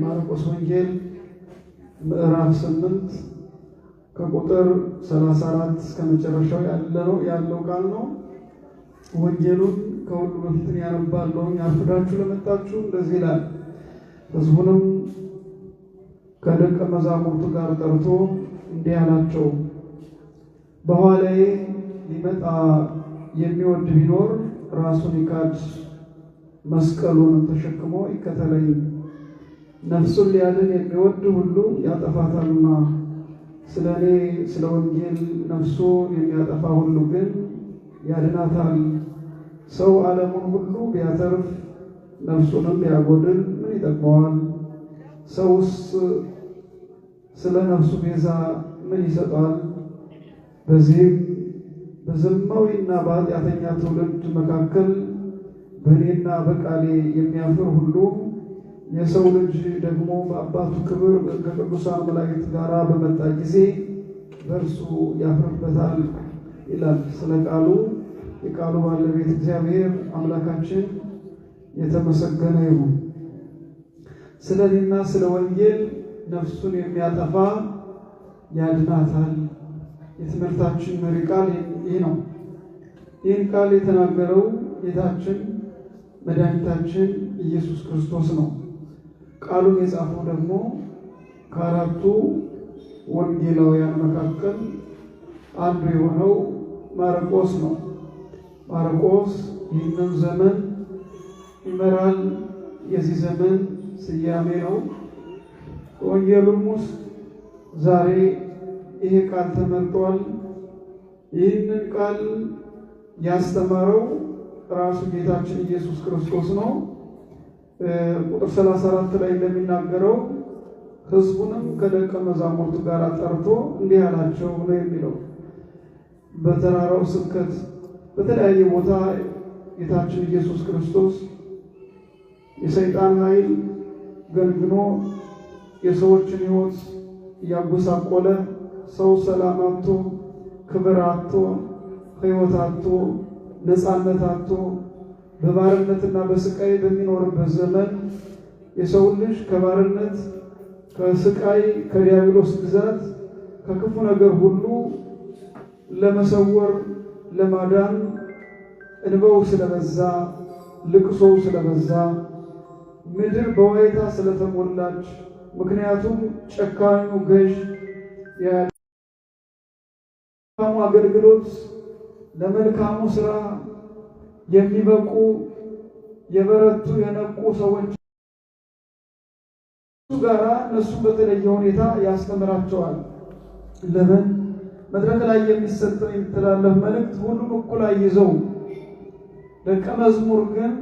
የማርቆስ ወንጌል ምዕራፍ ስምንት ከቁጥር 34 እስከ መጨረሻው ያለው ያለው ቃል ነው። ወንጌሉን ከሁሉ በፊት ያነባለሁ። ያርፍዳችሁ ለመጣችሁ እንደዚህ ይላል። ሕዝቡንም ከደቀ መዛሙርቱ ጋር ጠርቶ እንዲህ አላቸው፣ በኋላዬ ሊመጣ የሚወድ ቢኖር ራሱን ይካድ፣ መስቀሉንም ተሸክሞ ይከተለኝ። ነፍሱን ሊያድን የሚወድ ሁሉ ያጠፋታልና፣ ስለ እኔ ስለ ወንጌል ነፍሱን የሚያጠፋ ሁሉ ግን ያድናታል። ሰው ዓለሙን ሁሉ ቢያተርፍ ነፍሱንም ቢያጎድል ምን ይጠቅመዋል? ሰውስ ስለ ነፍሱ ቤዛ ምን ይሰጣል? በዚህም በዘማዊና በኃጢአተኛ ትውልድ መካከል በእኔና በቃሌ የሚያፍር ሁሉ የሰው ልጅ ደግሞ በአባቱ ክብር ከቅዱሳን መላእክት ጋር በመጣ ጊዜ በእርሱ ያፍርበታል ይላል። ስለ ቃሉ የቃሉ ባለቤት እግዚአብሔር አምላካችን የተመሰገነ ይሁን። ስለዚህና ስለ ወንጌል ነፍሱን የሚያጠፋ ያድናታል። የትምህርታችን መሪ ቃል ይህ ነው። ይህን ቃል የተናገረው ጌታችን መድኃኒታችን ኢየሱስ ክርስቶስ ነው። ቃሉን የጻፈው ደግሞ ከአራቱ ወንጌላውያን መካከል አንዱ የሆነው ማርቆስ ነው። ማርቆስ ይህንን ዘመን ይመራል። የዚህ ዘመን ስያሜ ነው። ወንጌሉም ውስጥ ዛሬ ይሄ ቃል ተመርጧል። ይህንን ቃል ያስተማረው ራሱ ጌታችን ኢየሱስ ክርስቶስ ነው። ቁጥር 34 ላይ እንደሚናገረው ህዝቡንም ከደቀ መዛሙርቱ ጋር ጠርቶ እንዲህ አላቸው ነው የሚለው። በተራራው ስብከት በተለያየ ቦታ ጌታችን ኢየሱስ ክርስቶስ የሰይጣን ኃይል ገንግኖ የሰዎችን ህይወት እያጎሳቆለ ሰው ሰላም አጥቶ ክብር አቶ ህይወት አቶ ነፃነት አቶ በባርነትና በስቃይ በሚኖርበት ዘመን የሰው ልጅ ከባርነት ከስቃይ ከዲያብሎስ ግዛት ከክፉ ነገር ሁሉ ለመሰወር ለማዳን እንበው ስለበዛ ልቅሶው ስለበዛ ምድር በዋይታ ስለተሞላች ምክንያቱም ጨካኙ ገዥ ያለ አገልግሎት ለመልካሙ ስራ የሚበቁ የበረቱ የነቁ ሰዎች ጋራ እነሱ በተለየ ሁኔታ ያስተምራቸዋል። ለምን መድረክ ላይ የሚሰጠው የሚተላለፍ መልእክት ሁሉም እኩል አይዘው። ደቀ መዝሙር ግን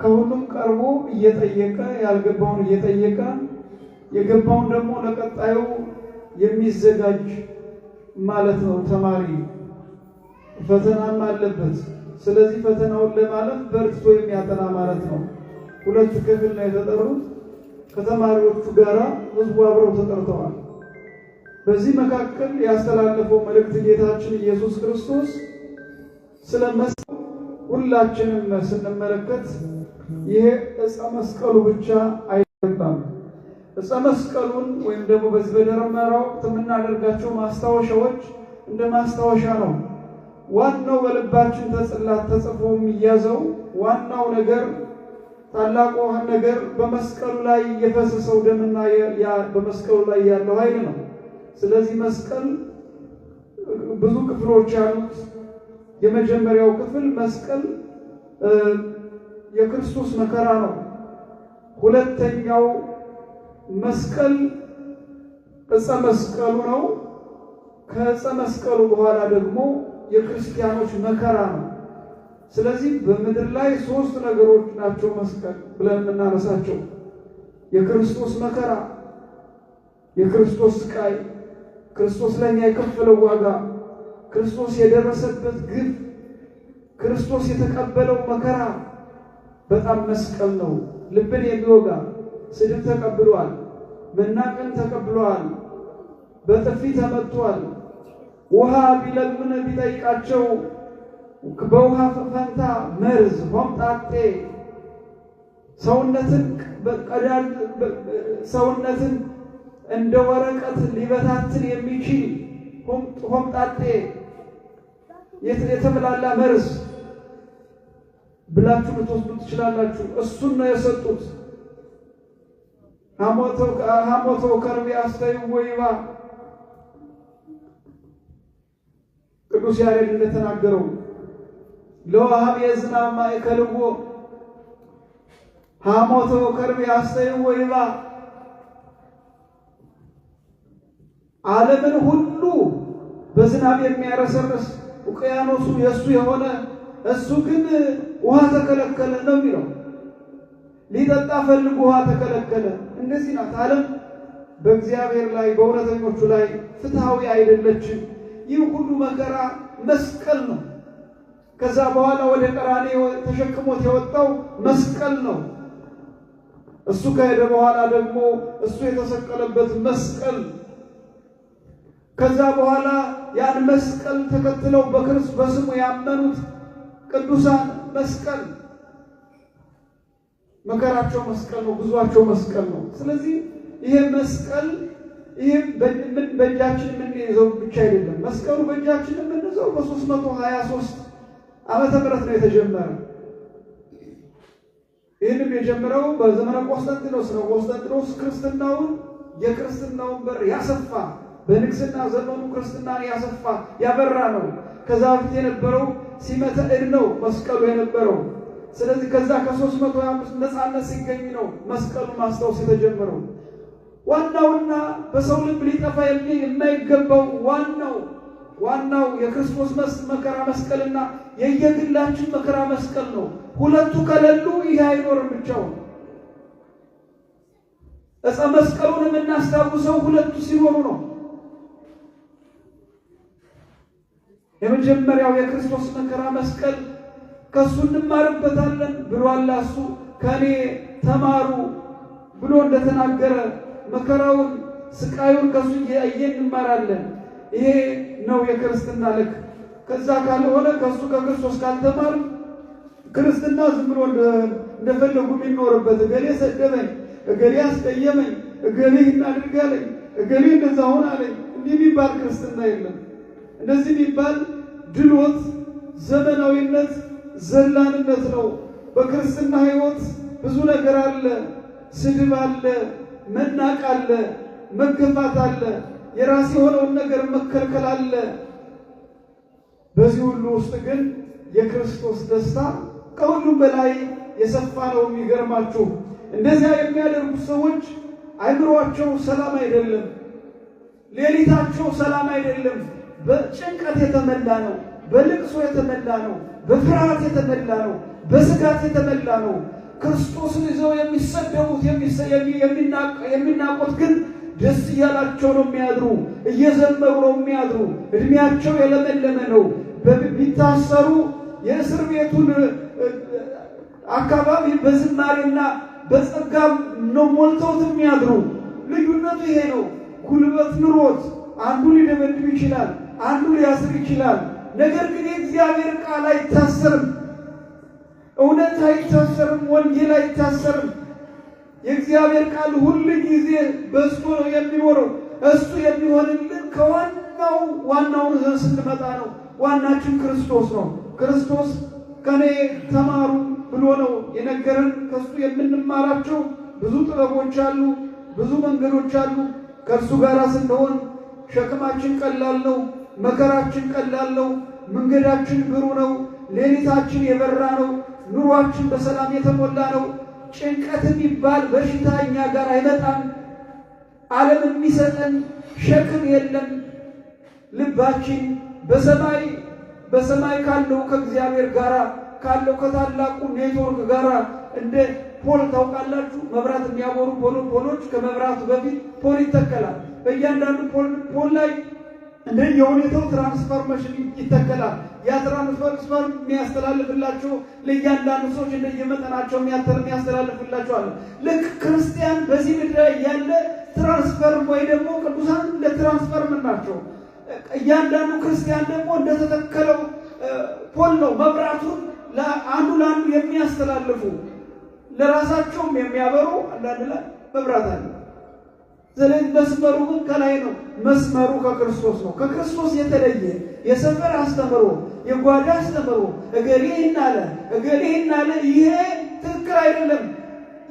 ከሁሉም ቀርቦ እየጠየቀ ያልገባውን እየጠየቀ የገባውን ደግሞ ለቀጣዩ የሚዘጋጅ ማለት ነው ተማሪ ፈተናም አለበት። ስለዚህ ፈተናውን ለማለፍ በርትቶ የሚያጠና ማለት ነው። ሁለት ክፍል ነው የተጠሩት። ከተማሪዎቹ ጋር ህዝቡ አብረው ተጠርተዋል። በዚህ መካከል ያስተላለፈው መልእክት ጌታችን ኢየሱስ ክርስቶስ ስለመስ ሁላችንም ስንመለከት ይሄ እጸ መስቀሉ ብቻ አይገባም። ዕፀ መስቀሉን ወይም ደግሞ በዚህ በደመራ ወቅት የምናደርጋቸው ማስታወሻዎች እንደ ማስታወሻ ነው። ዋናው በልባችን ተጽላት ተጽፎ የሚያዘው ዋናው ነገር ታላቁ ነገር በመስቀሉ ላይ የፈሰሰው ደምና በመስቀሉ ላይ ያለው ኃይል ነው። ስለዚህ መስቀል ብዙ ክፍሎች ያሉት፣ የመጀመሪያው ክፍል መስቀል የክርስቶስ መከራ ነው። ሁለተኛው መስቀል ዕፀ መስቀሉ ነው። ከእፀ መስቀሉ በኋላ ደግሞ የክርስቲያኖች መከራ ነው። ስለዚህ በምድር ላይ ሶስት ነገሮች ናቸው መስቀል ብለን የምናነሳቸው የክርስቶስ መከራ፣ የክርስቶስ ስቃይ፣ ክርስቶስ ለእኛ የከፈለው ዋጋ፣ ክርስቶስ የደረሰበት ግፍ፣ ክርስቶስ የተቀበለው መከራ በጣም መስቀል ነው። ልብን የሚወጋ ስድብ ተቀብሏል፣ መናቅን ተቀብሏል፣ በጥፊ ተመቷል። ውሃ ቢለምነ ቢጠይቃቸው በውሃ ፈንታ መርዝ፣ ሆምጣጤ ሰውነትን በቀዳል ሰውነትን እንደ ወረቀት ሊበታትን የሚችል ሆምጣጤ የተብላላ መርዝ ብላችሁ ልትወስዱ ትችላላችሁ። እሱን ነው የሰጡት። ሐሞተው ከርቤ አስተዩ ወይባ ቅዱስ ያሬድ እንደተናገረው ለዋሃብ የዝናብ ማእከልዎ ሐሞቶ ከርቤ አስተይዎ ይባ ዓለምን ሁሉ በዝናብ የሚያረሰርስ ውቅያኖሱ የእሱ የሆነ እሱ ግን ውሃ ተከለከለ ነው የሚለው። ሊጠጣ ፈልጎ ውሃ ተከለከለ። እንደዚህ ናት ዓለም በእግዚአብሔር ላይ በእውነተኞቹ ላይ ፍትሐዊ አይደለችም። ይህ ሁሉ መከራ መስቀል ነው። ከዛ በኋላ ወደ ቀራንዮ ተሸክሞት የወጣው መስቀል ነው። እሱ ከሄደ በኋላ ደግሞ እሱ የተሰቀለበት መስቀል ከዛ በኋላ ያን መስቀል ተከትለው በክርስቶስ በስሙ ያመኑት ቅዱሳን መስቀል መከራቸው መስቀል ነው፣ ጉዟቸው መስቀል ነው። ስለዚህ ይሄ መስቀል ይህም በእጃችን የምንይዘው ብቻ አይደለም። መስቀሉ በእጃችን የምንይዘው በሶስት መቶ ሀያ ሶስት ዓመተ ምህረት ነው የተጀመረ። ይህንም የጀመረው በዘመነ ቆስጠንጢኖስ ነው። ቆስጠንጢኖስ ክርስትናውን የክርስትናውን በር ያሰፋ፣ በንግስና ዘመኑ ክርስትናን ያሰፋ ያበራ ነው። ከዛ በፊት የነበረው ሲመተ እድ ነው መስቀሉ የነበረው። ስለዚህ ከዛ ከሶስት መቶ ሀያ አምስት ነፃነት ሲገኝ ነው መስቀሉ ማስታወስ የተጀመረው። ዋናውና በሰው ልብ ሊጠፋ የማይገባው ዋናው ዋናው የክርስቶስ መከራ መስቀልና የየግላችን መከራ መስቀል ነው። ሁለቱ ከሌሉ ይህ አይኖርም ብቻው ዕፀ መስቀሉን የምናስታውሰው ሁለቱ ሲኖሩ ነው። የመጀመሪያው የክርስቶስ መከራ መስቀል ከእሱ እንማርበታለን ብሏላ እሱ ከእኔ ተማሩ ብሎ እንደተናገረ መከራውን ስቃዩን ከሱ እያየን እንማራለን። ይሄ ነው የክርስትና ልክ። ከዛ ካልሆነ ከሱ ከክርስቶስ ካልተማር ክርስትና ዝም ብሎ እንደፈለጉ የሚኖርበት እገሌ ሰደበኝ፣ እገሌ አስቀየመኝ፣ እገሌ እናድርጋለኝ፣ እገሌ እንደዛ ሆን አለኝ እንዲህ የሚባል ክርስትና የለም። እንደዚህ የሚባል ድሎት፣ ዘመናዊነት፣ ዘላንነት ነው። በክርስትና ህይወት ብዙ ነገር አለ፣ ስድብ አለ መናቅ አለ፣ መገፋት አለ፣ የራስ የሆነውን ነገር መከልከል አለ። በዚህ ሁሉ ውስጥ ግን የክርስቶስ ደስታ ከሁሉም በላይ የሰፋ ነው። የሚገርማችሁ እንደዚያ የሚያደርጉ ሰዎች አይምሯቸው ሰላም አይደለም፣ ሌሊታቸው ሰላም አይደለም። በጭንቀት የተመላ ነው፣ በልቅሶ የተመላ ነው፣ በፍርሃት የተመላ ነው፣ በስጋት የተመላ ነው። ክርስቶስን ይዘው የሚሰደቡት የሚናቁት ግን ደስ እያላቸው ነው የሚያድሩ፣ እየዘመሩ ነው የሚያድሩ። እድሜያቸው የለመለመ ነው። ቢታሰሩ የእስር ቤቱን አካባቢ በዝማሬና በጸጋም ነው ሞልተውት የሚያድሩ። ልዩነቱ ይሄ ነው። ጉልበት ኑሮት አንዱ ሊደበድብ ይችላል፣ አንዱ ሊያስር ይችላል። ነገር ግን የእግዚአብሔር ቃል አይታሰርም። እውነት አይታሰርም፣ ወንጌል አይታሰርም። የእግዚአብሔር ቃል ሁል ጊዜ በእሱ ነው የሚኖረው። እሱ የሚሆንልን ከዋናው ዋናውን ዘን ስንመጣ ነው። ዋናችን ክርስቶስ ነው። ክርስቶስ ከኔ ተማሩ ብሎ ነው የነገረን። ከእሱ የምንማራቸው ብዙ ጥበቦች አሉ፣ ብዙ መንገዶች አሉ። ከእርሱ ጋር ስንሆን ሸክማችን ቀላል ነው፣ መከራችን ቀላል ነው፣ መንገዳችን ብሩ ነው፣ ሌሊታችን የበራ ነው። ኑሯችን በሰላም የተሞላ ነው። ጭንቀት የሚባል በሽታ እኛ ጋር አይመጣም። ዓለም የሚሰጠን ሸክም የለም። ልባችን በሰማይ በሰማይ ካለው ከእግዚአብሔር ጋር ካለው ከታላቁ ኔትወርክ ጋር እንደ ፖል ታውቃላችሁ፣ መብራት የሚያበሩ ፖሎች ከመብራቱ በፊት ፖል ይተከላል። በእያንዳንዱ ፖል ላይ እንደ የሁኔታው ትራንስፎርሜሽን ይተከላል። ያ ትራንስፎርሜሽን የሚያስተላልፍላችሁ ለእያንዳንዱ ሰዎች እንደየመጠናቸው የሚያስተላልፍላችኋል። ልክ ክርስቲያን በዚህ ምድር ላይ ያለ ትራንስፈርም ወይ ደግሞ ቅዱሳን እንደ ትራንስፈርም ናቸው። እያንዳንዱ ክርስቲያን ደግሞ እንደተተከለው ፖል ነው። መብራቱን አንዱ ለአንዱ የሚያስተላልፉ ለራሳቸውም የሚያበሩ አንዳንድ ላይ መብራት አለ ስለዚህ መስመሩ ግን ከላይ ነው። መስመሩ ከክርስቶስ ነው። ከክርስቶስ የተለየ የሰፈር አስተምሮ፣ የጓዳ አስተምሮ እገሌ ይናለ እገሌ ይናለ ይሄ ትክክል አይደለም።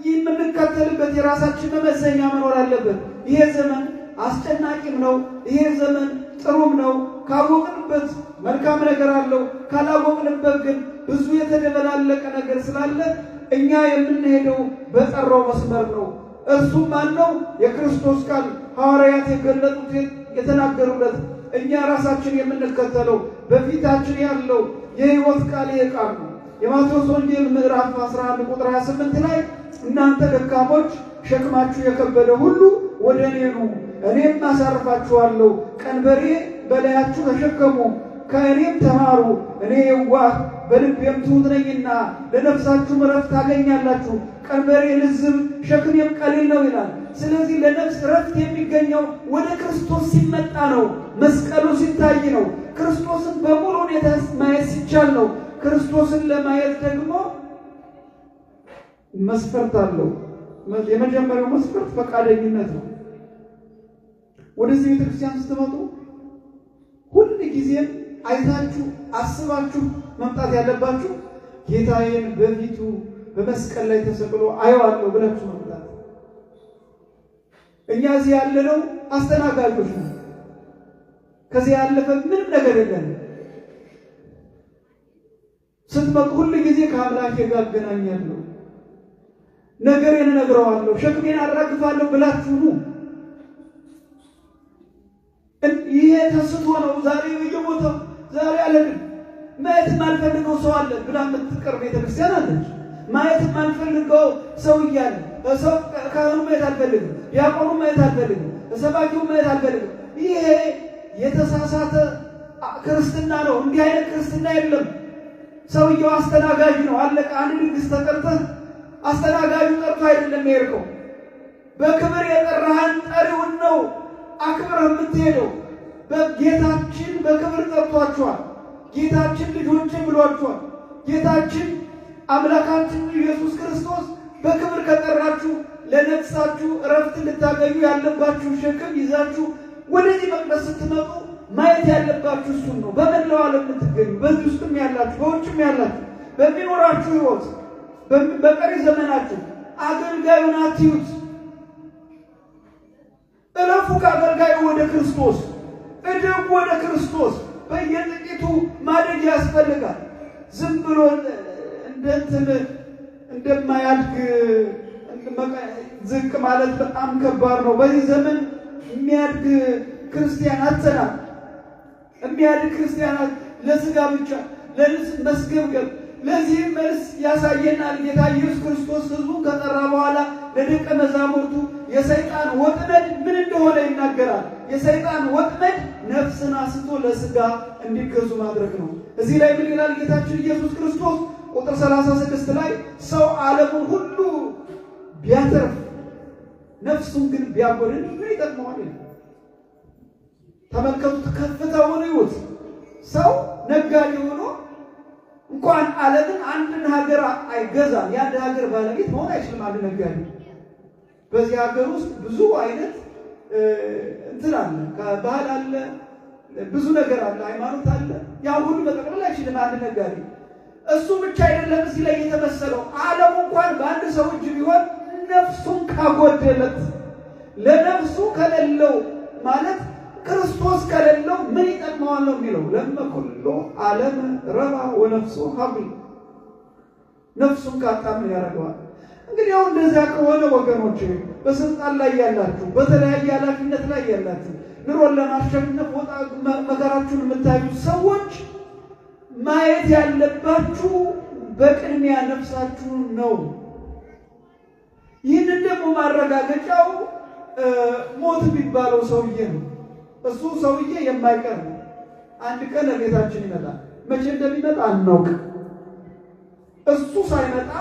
የምንከተልበት የራሳችን መመዘኛ መኖር አለበት። ይሄ ዘመን አስጨናቂም ነው። ይሄ ዘመን ጥሩም ነው። ካወቅንበት መልካም ነገር አለው። ካላወቅንበት ግን ብዙ የተደበላለቀ ነገር ስላለ እኛ የምንሄደው በጠራው መስመር ነው። እሱ ማን ነው? የክርስቶስ ቃል ሐዋርያት የገለጡት የተናገሩለት፣ እኛ ራሳችን የምንከተለው በፊታችን ያለው የሕይወት ቃል ይህ ነው። የማቴዎስ ወንጌል ምዕራፍ 11 ቁጥር 28 ላይ እናንተ ደካሞች ሸክማችሁ የከበደ ሁሉ ወደ እኔ ኑ እኔም አሳርፋችኋለሁ፣ ቀንበሬ በላያችሁ ተሸከሙ፣ ከእኔም ተማሩ እኔ የዋህ በልቤም ትሑት ነኝና ለነፍሳችሁም እረፍት ታገኛላችሁ። ቀንበሬ ልዝም፣ ሸክሜም ቀሊል ነው ይላል። ስለዚህ ለነፍስ እረፍት የሚገኘው ወደ ክርስቶስ ሲመጣ ነው። መስቀሉ ሲታይ ነው። ክርስቶስን በሙሉ ሁኔታ ማየት ሲቻል ነው። ክርስቶስን ለማየት ደግሞ መስፈርት አለው። የመጀመሪያው መስፈርት ፈቃደኝነት ነው። ወደዚህ ቤተክርስቲያን ስትመጡ ሁል ጊዜም አይታችሁ አስባችሁ መምጣት ያለባችሁ ጌታዬን በፊቱ በመስቀል ላይ ተሰቅሎ አየዋለሁ ብላችሁ መምጣት። እኛ እዚህ ያለነው አስተናጋጆች ነው። ከዚህ ያለፈ ምንም ነገር የለን። ስትመጡ ሁሉ ጊዜ ከአምላኬ ጋር አገናኛለሁ፣ ነገሬን እነግረዋለሁ፣ ሸክሜን አራግፋለሁ ብላችሁ ነው። ይሄ ተስቶ ነው ዛሬ የቦታው ዛሬ ዓለምን ማየት የማንፈልገው ሰው አለ ብላ የምትቀር ቤተክርስቲያን አለች። ማየት የማንፈልገው ሰው እያለ ሰው ካህኑ ማየት አልፈልግም፣ ዲያቆኑ ማየት አልፈልግም፣ ሰባኪው ማየት አልፈልግም። ይሄ የተሳሳተ ክርስትና ነው። እንዲህ አይነት ክርስትና የለም። ሰውየው አስተናጋጅ ነው። አለቃ አንድ ንግስ ተቀርተህ አስተናጋጁ ጠርቶ አይደለም የሄድከው፣ በክብር የጠራህን ጠሪውን ነው አክብረህ የምትሄደው። በጌታችን በክብር ጠርቷችኋል። ጌታችን ልጆች ብሏችኋል። ጌታችን አምላካችን ኢየሱስ ክርስቶስ በክብር ከጠራችሁ ለነፍሳችሁ እረፍት ልታገኙ ያለባችሁ ሸክም ይዛችሁ ወደዚህ መቅደስ ስትመጡ ማየት ያለባችሁ እሱን ነው። በመላው ዓለም የምትገኙ በዚህ ውስጥም ያላችሁ በውጭም ያላችሁ በሚኖራችሁ ሕይወት በቀሪ ዘመናችሁ አገልጋዩን አትዩት። እለፉ ከአገልጋዩ ወደ ክርስቶስ እድጉ ወደ ክርስቶስ በየጥቂቱ ማደግ ያስፈልጋል። ዝም ብሎ እንደንትን እንደማያድግ ዝቅ ማለት በጣም ከባድ ነው። በዚህ ዘመን የሚያድግ ክርስቲያን አተናል። የሚያድግ ክርስቲያን ለስጋ ብቻ ለልስ መስገብገብ። ለዚህም መልስ ያሳየናል ጌታ ኢየሱስ ክርስቶስ ሕዝቡን ከጠራ በኋላ ለደቀ መዛሙርቱ የሰይጣን ወጥመድ ምን እንደሆነ ይናገራል። የሰይጣን ወጥመድ ነፍስን አስቶ ለስጋ እንዲገዙ ማድረግ ነው። እዚህ ላይ ምን ይላል ጌታችን ኢየሱስ ክርስቶስ ቁጥር 36 ላይ ሰው ዓለሙን ሁሉ ቢያተርፍ ነፍሱን ግን ቢያጎድል ምን ይጠቅመዋል? ተመልከቱት፣ ከፍታውን ይዩት። ሰው ነጋዴ ሆኖ እንኳን ዓለምን አንድን ሀገር አይገዛም። የአንድ ሀገር ባለቤት መሆን አይችልም። አንድ ነጋዴ በዚህ ሀገር ውስጥ ብዙ አይነት እንትን አለ፣ ባህል አለ፣ ብዙ ነገር አለ፣ ሃይማኖት አለ። ያ ሁሉ መጠቅለል አይችልም አንድ ነጋዴ። እሱ ብቻ አይደለም እዚህ ላይ የተመሰለው ዓለም እንኳን በአንድ ሰው እጅ ቢሆን ነፍሱን ካጎደለት ለነፍሱ ከሌለው ማለት ክርስቶስ ከሌለው ምን ይጠቅመዋል ነው የሚለው። ለመ ኩሎ ዓለም ረባ ወነፍሱ ሀብል ነፍሱን ካጣ ምን ያደርገዋል? እንግዲህ ያው እንደዚያ ከሆነ ወገኖች በስልጣን ላይ ያላችሁ፣ በተለያየ ኃላፊነት ላይ ያላችሁ፣ ኑሮን ለማሸነፍ ወጣ መከራችሁን የምታዩ ሰዎች ማየት ያለባችሁ በቅድሚያ ነፍሳችሁ ነው። ይህንን ደግሞ ማረጋገጫው ሞት የሚባለው ሰውዬ ነው። እሱ ሰውዬ የማይቀር ነው። አንድ ቀን ቤታችን ይመጣል። መቼ እንደሚመጣ አናውቅ። እሱ ሳይመጣ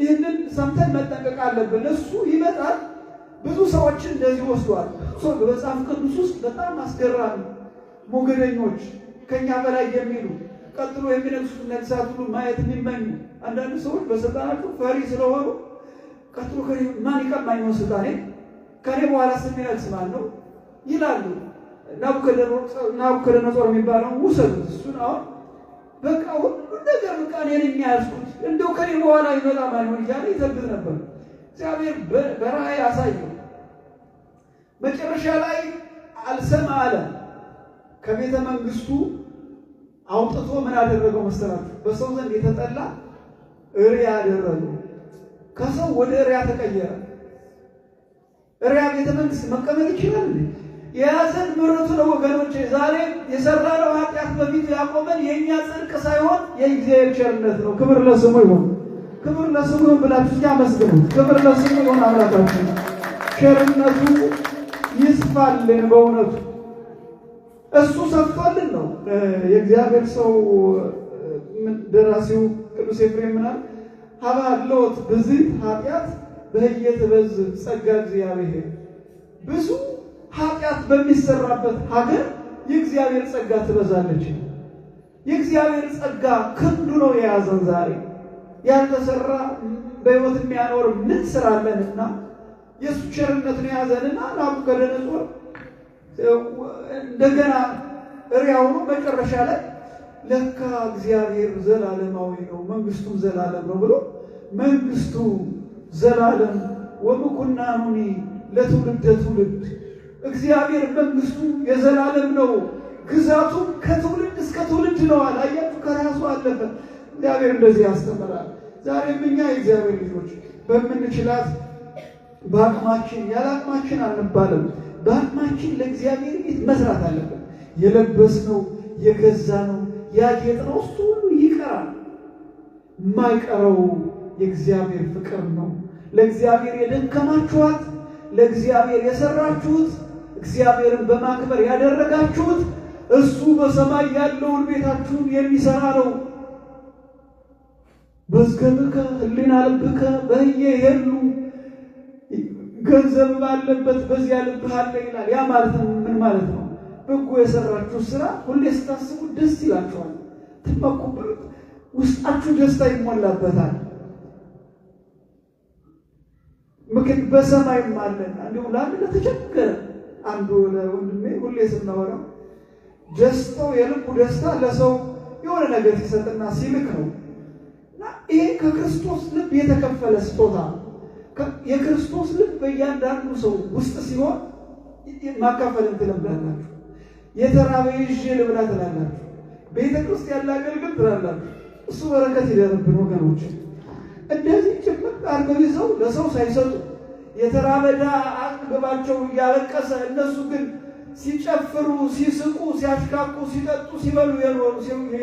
ይህንን ሰምተን መጠንቀቅ አለብን። እሱ ይመጣል። ብዙ ሰዎችን እንደዚህ ወስዷል። በመጽሐፍ ቅዱስ ውስጥ በጣም አስገራሚ ሞገደኞች፣ ከእኛ በላይ የሚሉ ቀጥሎ የሚነግሱት ነግሳት ሁሉ ማየት የሚመኙ አንዳንድ ሰዎች በስልጣናቸው ፈሪ ስለሆኑ ቀጥሎ ማን ይቀማኝ ነው ስልጣኔ ከኔ በኋላ ስሚነግስ ማን ነው ይላሉ። ናቡከደነጾር የሚባለው ውሰዱት እሱን አሁን በቃ ሁሉ ነገር በቃ እኔን የሚያዝኩት እንደው ከኔ በኋላ ይመጣም አይሆን እያለ ይዘግብ ነበር። እግዚአብሔር በራእይ አሳየው። መጨረሻ ላይ አልሰማ አለ። ከቤተ መንግስቱ አውጥቶ ምን አደረገው መሰላችሁ? በሰው ዘንድ የተጠላ እሪያ አደረገው። ከሰው ወደ እሪያ ተቀየረ። እሪያ ቤተ መንግስት መቀመጥ ይችላል። የያዘን ምረቱ ነው ወገኖች፣ ዛሬ የሰራ ነው በፊት ያቆመን የእኛ ጽድቅ ሳይሆን የእግዚአብሔር ቸርነት ነው። ክብር ለስሙ ይሁን፣ ክብር ለስሙ ይሁን ብላችሁ ያመስግኑት። ክብር ለስሙ ይሁን። አምላካችን ቸርነቱ ይስፋልን። በእውነቱ እሱ ሰጥቷልን ነው። የእግዚአብሔር ሰው ደራሲው ቅዱስ ኤፍሬም ምናል ሀባሎት ብዝት ኃጢአት በየትበዝ ጸጋ እግዚአብሔር ብዙ ኃጢአት በሚሰራበት ሀገር የእግዚአብሔር ጸጋ ትበዛለች። የእግዚአብሔር ጸጋ ክንዱ ነው የያዘን። ዛሬ ያልተሰራ በሕይወት የሚያኖር ምን ስራ አለንና የእሱ ቸርነት ነው የያዘንና ናቡከደነጾር እንደገና እሪያውኑ መጨረሻ ላይ ለካ እግዚአብሔር ዘላለማዊ ነው፣ መንግስቱ ዘላለም ነው ብሎ መንግስቱ ዘላለም ወምኩናኑኒ ለትውልደ ትውልድ እግዚአብሔር መንግስቱ የዘላለም ነው፣ ግዛቱም ከትውልድ እስከ ትውልድ ነው አለ። አያችሁ፣ ከራሱ አለፈ። እግዚአብሔር እንደዚህ ያስተምራል። ዛሬም እኛ የእግዚአብሔር ልጆች በምንችላት በአቅማችን ያለ አቅማችን አንባልም። በአቅማችን ለእግዚአብሔር ቤት መስራት አለብን። የለበስነው የገዛነው ያጌጥነው እሱ ሁሉ ይቀራል። የማይቀረው የእግዚአብሔር ፍቅር ነው። ለእግዚአብሔር የደከማችኋት፣ ለእግዚአብሔር የሰራችሁት እግዚአብሔርን በማክበር ያደረጋችሁት እሱ በሰማይ ያለውን ቤታችሁን የሚሰራ ነው። መዝገብከ ህሊና ልብከ በየ የሉ ገንዘብ ባለበት በዚያ ልብህ አለ ይላል። ያ ማለት ምን ማለት ነው? በጎ የሰራችሁ ስራ ሁሌ ስታስቡ ደስ ይላችኋል፣ ትመኩበት፣ ውስጣችሁ ደስታ ይሞላበታል። ምክንያት በሰማይም አለን እንዲሁም ለአንድ ለተቸገረ አንዱ ወንድሜ ሁሌ ስናወራው ደስታው የልቡ ደስታ ለሰው የሆነ ነገር ሲሰጥና ሲልክ ነው እና ይሄ ከክርስቶስ ልብ የተከፈለ ስጦታ የክርስቶስ ልብ በእያንዳንዱ ሰው ውስጥ ሲሆን ማካፈል ትለምዳላችሁ። የተራበ ይዤ ልብላ ትላላችሁ። ቤተ ክርስቲያን ላገልግል ትላላችሁ። እሱ በረከት ይደርብን ወገኖች። እንደዚህ ጭምር አርገው ይዘው ለሰው ሳይሰጡ የተራመዳ ድሃ እያለቀሰ እነሱ ግን ሲጨፍሩ፣ ሲስቁ፣ ሲያሽካቁ ሲጠጡ፣ ሲበሉ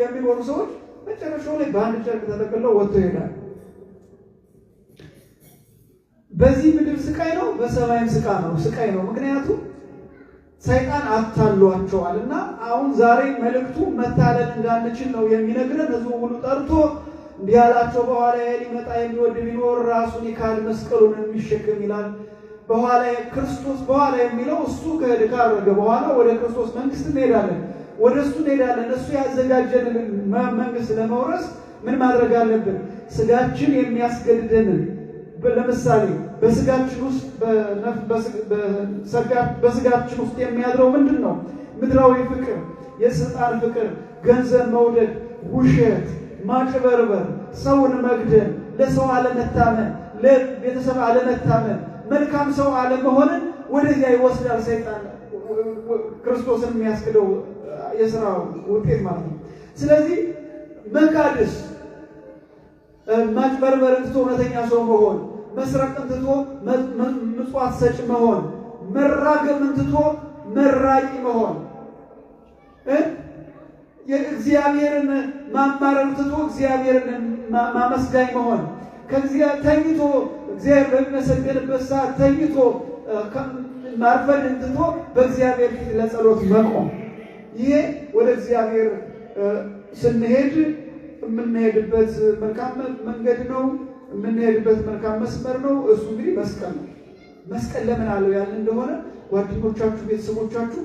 የሚኖሩ ሰዎች መጨረሻው ላይ በአንድ ጨርቅ ተጠቅለው ወጥቶ ይሄዳል። በዚህ ምድር ስቃይ ነው፣ በሰማይም ስቃ ነው ስቃይ ነው። ምክንያቱም ሰይጣን አታሏቸዋል እና አሁን ዛሬ መልእክቱ መታለል እንዳንችል ነው የሚነግረን። ህዝቡ ሁሉ ጠርቶ እንዲህ አላቸው፣ በኋላ ሊመጣ የሚወድ ቢኖር ራሱን ይካድ መስቀሉን የሚሸክም ይላል። በኋላ ክርስቶስ በኋላ የሚለው እሱ ከድ ካረገ በኋላ ወደ ክርስቶስ መንግስት እንሄዳለን፣ ወደ እሱ እንሄዳለን። እሱ ያዘጋጀልን መንግስት ለመውረስ ምን ማድረግ አለብን? ስጋችን የሚያስገድደንን ለምሳሌ በስጋችን ውስጥ በስጋችን ውስጥ የሚያድረው ምንድን ነው? ምድራዊ ፍቅር፣ የስልጣን ፍቅር፣ ገንዘብ መውደድ፣ ውሸት ማጭበርበር፣ ሰውን መግደል፣ ለሰው አለመታመን፣ ለቤተሰብ አለመታመን፣ መልካም ሰው አለመሆንን ወደዚያ ይወስዳል ሰይጣን። ክርስቶስን የሚያስክደው የስራ ውጤት ማለት ነው። ስለዚህ መካድስ ማጭበርበር እንትቶ እውነተኛ ሰው መሆን፣ መስረቅ እንትቶ ምጽዋት ሰጭ መሆን፣ መራገም እንትቶ መራቂ መሆን እግዚአብሔርን ማማረር ትቶ እግዚአብሔርን ማመስጋኝ መሆን ተኝቶ እግዚአብሔር በሚመሰገንበት ሰዓት ተኝቶ ማርፈድን ትቶ በእግዚአብሔር ፊት ለጸሎት መቆም፣ ይሄ ወደ እግዚአብሔር ስንሄድ የምንሄድበት መልካም መንገድ ነው። የምንሄድበት መልካም መስመር ነው። እሱ እንግዲህ መስቀል ነው። መስቀል ለምን አለው ያለ እንደሆነ ጓደኞቻችሁ፣ ቤተሰቦቻችሁ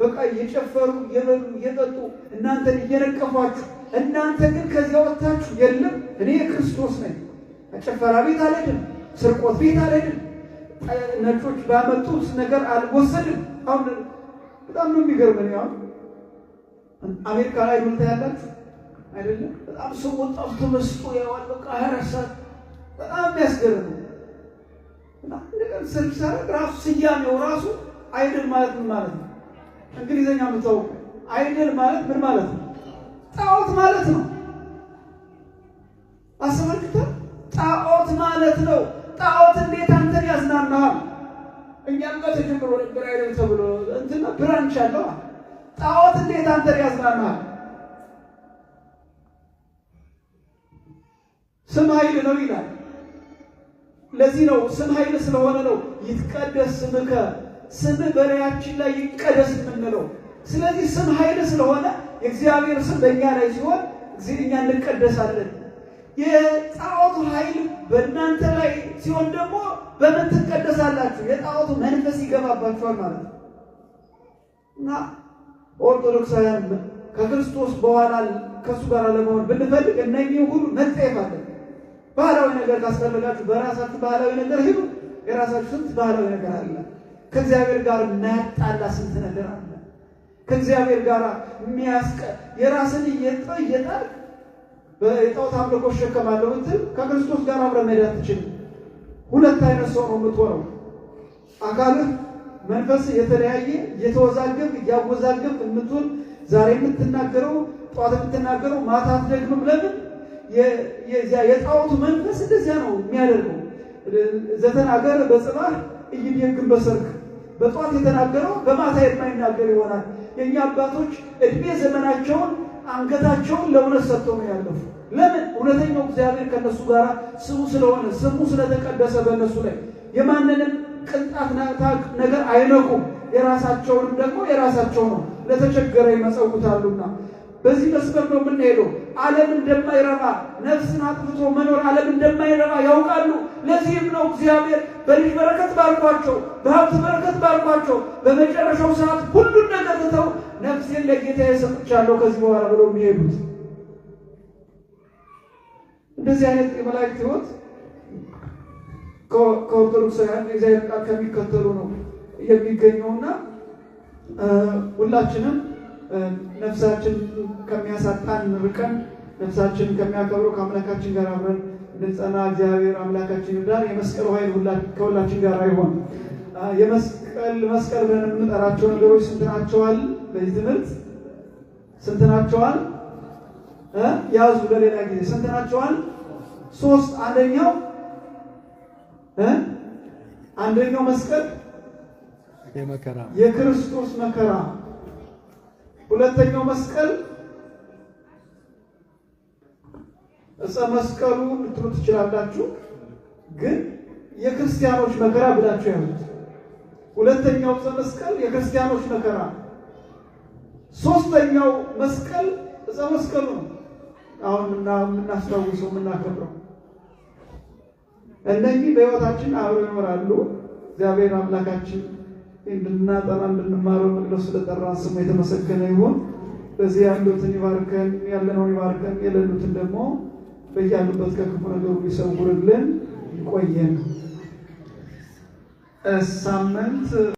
በቃ እየጨፈሩ እየበሉ እየጠጡ እናንተን እየነቀፏችሁ፣ እናንተ ግን ከዚያ ወጥታችሁ የለም እኔ የክርስቶስ ነኝ፣ ጭፈራ ቤት አልሄድም፣ ስርቆት ቤት አልሄድም፣ ነጮች ባመጡት ነገር አልወሰድም። አሁን በጣም ነው የሚገርመን። አሁን አሜሪካ ላይ ሁልታ ያላችሁ አይደለም በጣም ሰው ወጣቱ ተመስጦ ያዋል። በቃ ሀያራሳት በጣም የሚያስገርም ስርሰረ ራሱ ስያሜው ራሱ አይድል ማለት ማለት ነው እንግሊዘኛ የምታውቁ አይደል ማለት ምን ማለት ነው? ጣዖት ማለት ነው። አስመልክተ ጣዖት ማለት ነው። ጣዖት እንዴት አንተን ያዝናናሃል? እኛም ጋር ተጀምሮ ነበር አይደል ተብሎ እንትና ብራንች አለው። ጣዖት እንዴት አንተን ያዝናናሃል? ስም ኃይል ነው ይላል። ለዚህ ነው ስም ኃይል ስለሆነ ነው ይትቀደስ ስምከ ስምህ በላያችን ላይ ይቀደስ የምንለው። ስለዚህ ስም ኃይል ስለሆነ የእግዚአብሔር ስም በእኛ ላይ ሲሆን እኛ እንቀደሳለን። የጣዖቱ ኃይል በእናንተ ላይ ሲሆን ደግሞ በምን ትቀደሳላችሁ? የጣዖቱ መንፈስ ይገባባችኋል ማለት ነው እና ኦርቶዶክሳውያን ከክርስቶስ በኋላ ከእሱ ጋር ለመሆን ብንፈልግ እነኚህ ሁሉ መጠየፍ አለ። ባህላዊ ነገር ካስፈልጋችሁ በራሳችሁ ባህላዊ ነገር ሂዱ። የራሳችሁ ስንት ባህላዊ ነገር አለ። ከእግዚአብሔር ጋር የማያጣላ ስንት ነገር አለ። ከእግዚአብሔር ጋር የሚያስቀ የራስን እየጣል በጣዖት አምልኮ እሸከማለሁ ብትል ከክርስቶስ ጋር አብረ መሄድ አትችልም። ሁለት አይነት ሰው ነው የምትሆነው። አካልህ መንፈስ የተለያየ እየተወዛገብክ እያወዛገብክ የምትሆን ዛሬ የምትናገረው ጠዋት የምትናገረው ማታ አትደግምም። ለምን? የጣዖቱ መንፈስ እንደዚያ ነው የሚያደርገው። ዘተናገር በጽባህ የግን በሰርክ በጧት የተናገረው በማታ የማይናገር ይሆናል። የእኛ አባቶች እድሜ ዘመናቸውን አንገታቸውን ለእውነት ሰጥተው ነው ያለፉ። ለምን? እውነተኛው እግዚአብሔር ከእነሱ ጋር ስሙ ስለሆነ ስሙ ስለተቀደሰ በእነሱ ላይ የማንንም ቅንጣት ነገር አይነቁም። የራሳቸውንም ደግሞ የራሳቸው ነው፣ ለተቸገረ ይመጸውታሉና በዚህ መስመር ነው የምንሄደው። ዓለም እንደማይረባ ነፍስን አጥፍቶ መኖር ዓለም እንደማይረባ ያውቃሉ። ለዚህም ነው እግዚአብሔር በልጅ በረከት ባርኳቸው፣ በሀብት በረከት ባርኳቸው፣ በመጨረሻው ሰዓት ሁሉን ነገር ትተው ነፍሴን ለጌታ የሰጥቻለሁ ከዚህ በኋላ ብለው የሚሄዱት እንደዚህ አይነት የመላእክት ሕይወት ከኦርቶዶክሳውያን የእግዚአብሔር ቃል ከሚከተሉ ነው የሚገኘውና ሁላችንም ነፍሳችን ከሚያሳጣን ርቀን ነፍሳችን ከሚያከብረው ከአምላካችን ጋር አብረን እንድንጸና እግዚአብሔር አምላካችን ይርዳን። የመስቀል ኃይል ከሁላችን ጋር ይሆን። የመስቀል መስቀል ብለን የምንጠራቸው ነገሮች ስንትናቸዋል? በዚህ ትምህርት ስንትናቸዋል? ያዙ ለሌላ ጊዜ ስንትናቸዋል? ሶስት አንደኛው አንደኛው መስቀል የክርስቶስ መከራ ሁለተኛው መስቀል እፀ መስቀሉ ልትሉ ትችላላችሁ፣ ግን የክርስቲያኖች መከራ ብላችሁ ያሉት ሁለተኛው እፀ መስቀል የክርስቲያኖች መከራ። ሶስተኛው መስቀል እፀ መስቀሉ ነው። አሁን የምናስታውሰው የምናከብረው እነዚህ በህይወታችን አብረው ይኖራሉ። እግዚአብሔር አምላካችን እንድናጠና እንድንማረው መቅደስ ስለጠራ ስሙ የተመሰገነ ይሁን። በዚህ ያሉትን ይባርከን፣ ያለነውን ይባርከን፣ የሌሉትን ደግሞ በያሉበት ከክፉ ነገሩ ይሰውርልን፣ ይቆየን። ሳምንት